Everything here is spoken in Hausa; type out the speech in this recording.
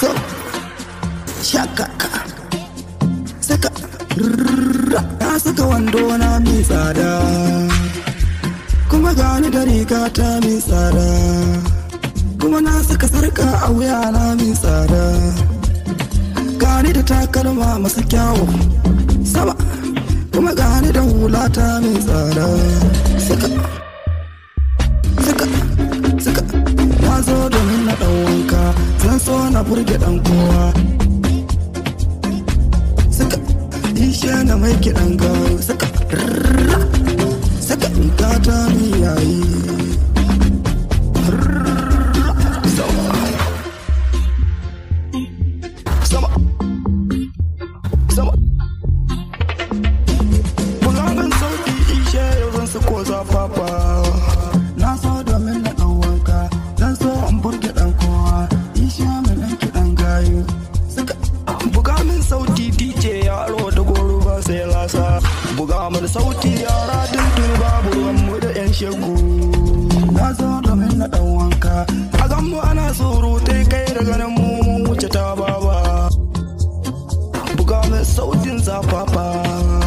so shakaka saka na saka wando na mai tsada kuma gani da riga ta mai tsada kuma na saka sarka a wuya na mai tsada gani da takalma masu kyawu sama kuma gani da hula ta mai tsada saka saka saka na zo domin burge dan kowa saka ishe na mai kiɗan garo saka rarra saka in ka ta ni yayi buga mana sauti yara tuntun babu wanmu da yan shegu na zo domin na dan wanka a ganmu ana yi kai da ganin mu wuce ta baba buga mana sautin zafafa